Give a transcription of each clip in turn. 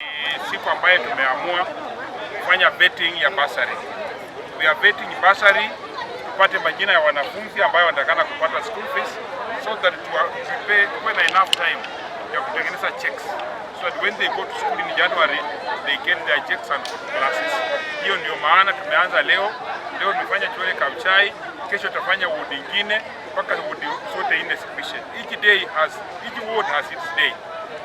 Eh, siku ambayo tumeamua kufanya betting ya basari. We are betting basari tupate majina ya wanafunzi ambayo wanatakana kupata school fees so that tuwe na enough time ya kutengeneza checks so that when they go to school in January they get their checks and classes. Hiyo ndio maana tumeanza leo. Leo tumefanya chole Kabuchai, kesho tutafanya wodi ingine mpaka wodi zote nne zikwishe. Each day has, each ward has its day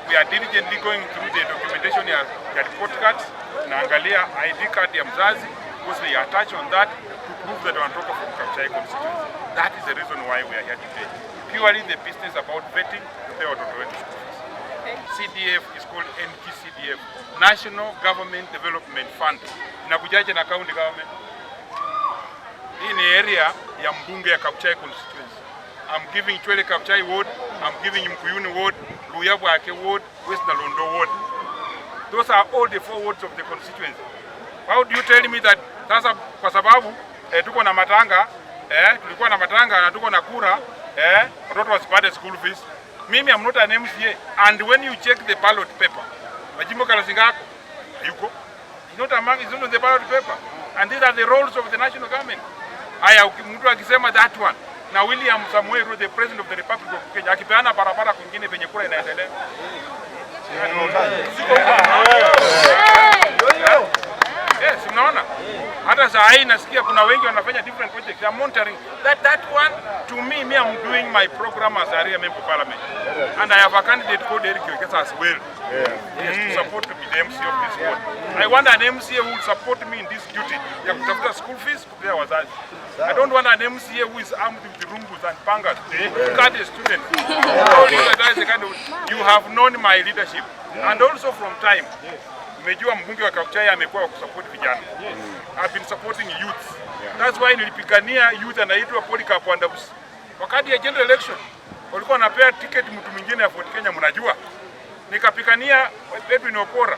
we are diligently going through the documentation ya, ya report card. Naangalia ID card ya mzazi because we attach on that to prove that wanatoka from Kabuchai constituency. That is the reason why we are here today. Purely the business about vetting the watoto wetu. CDF is called NGCDF, National Government Development Fund. Inakujaje na county government? Hii ni area ya mbunge ya Kabuchai constituency. I'm giving Chwele Kabuchai ward, I'm giving Mkuyuni ward. Luyabwake ward, West Nalondo ward. Those are all the four wards of the constituency. How do you tell me that sasa kwa sababu eh, tuko na matanga eh, tulikuwa na matanga na tuko na kura eh, watoto wasipate school fees. Mimi I'm not an MCA and when you check the ballot paper, Majimbo Kalasinga yuko. It's not among it's not the ballot paper. And these are the roles of the national government. Aya, mtu akisema that one na William Samuel Ruto the president of the Republic of Kenya akipeana barabara kwingine penye kura inaendelea si mnaona hata saa hii nasikia kuna wengi wanafanya different projects. I'm monitoring that that one to me me I'm doing my program as area member of parliament and I have a candidate called Eric Wekesa as well yeah. yes, mm. to support to be the MC of this ward I want an MC who will support me in this duty ya kutafuta school fees kupea wazazi. I don't want an MC who is armed with rungus and pangas to cut a student you have known my leadership and also from time Umejua mbunge wa Kabuchai amekuwa wa kusupport vijana. Yes. Mm. I've been supporting youth. Yeah. That's why nilipigania youth anaitwa Polycarp Wandabus. Wakati ya general election walikuwa wanapea ticket mtu mwingine ya Ford Kenya mnajua. Nikapigania Edwin Okora.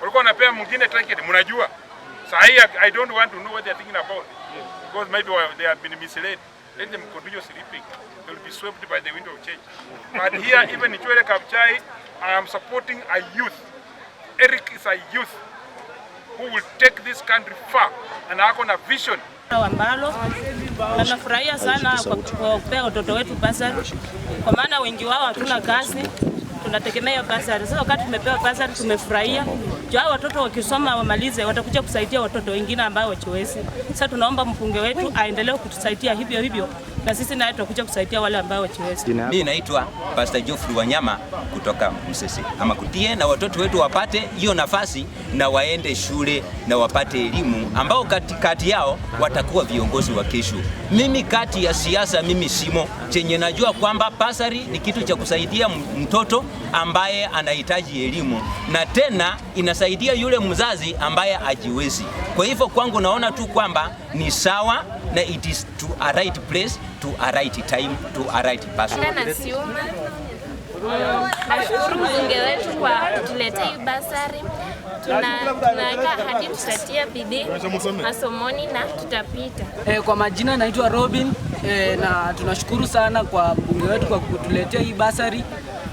Walikuwa wanapea mwingine ticket mnajua. Sasa hii I don't want to know what they are thinking about. Yes. Because maybe they have been misled. Let them continue sleeping. They will be swept by the wind of change. But here even in Chwele Kabuchai I am supporting a youth is a youth who will take this country far and ako na vision ambalo nanafurahia sana kwa kupewa watoto wetu basari, kwa maana wengi wao hatuna kazi tunategemea bursary. Sasa wakati tumepewa bursary tumefurahia, hao watoto wakisoma wamalize, watakuja kusaidia watoto wengine ambao wachoezi. Sasa tunaomba mbunge wetu aendelee kutusaidia hivyo hivyo, na sisi naye tutakuja kusaidia wale ambao wachoezi. Mimi naitwa Pastor Geoffrey Wanyama kutoka Msese ama kutie, na watoto wetu wapate hiyo nafasi na waende shule na wapate elimu, ambao kati, kati yao watakuwa viongozi wa kesho. Mimi kati ya siasa mimi simo chenye najua kwamba pasari ni kitu cha kusaidia mtoto ambaye anahitaji elimu na tena inasaidia yule mzazi ambaye ajiwezi. Kwa hivyo kwangu naona tu kwamba ni sawa na it is to a right place to a right time to a right person. Nashukuru mbunge wetu kwa kutuletea hii basari tutatia bidii masomoni na tutapita. Eh, kwa majina naitwa Robin eh, na tunashukuru sana kwa mbunge wetu kwa kutuletea hii basari.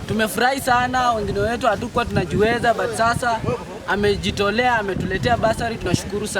Tumefurahi sana, wengine wetu hatukuwa tunajiweza, but sasa amejitolea, ametuletea basari, tunashukuru sana.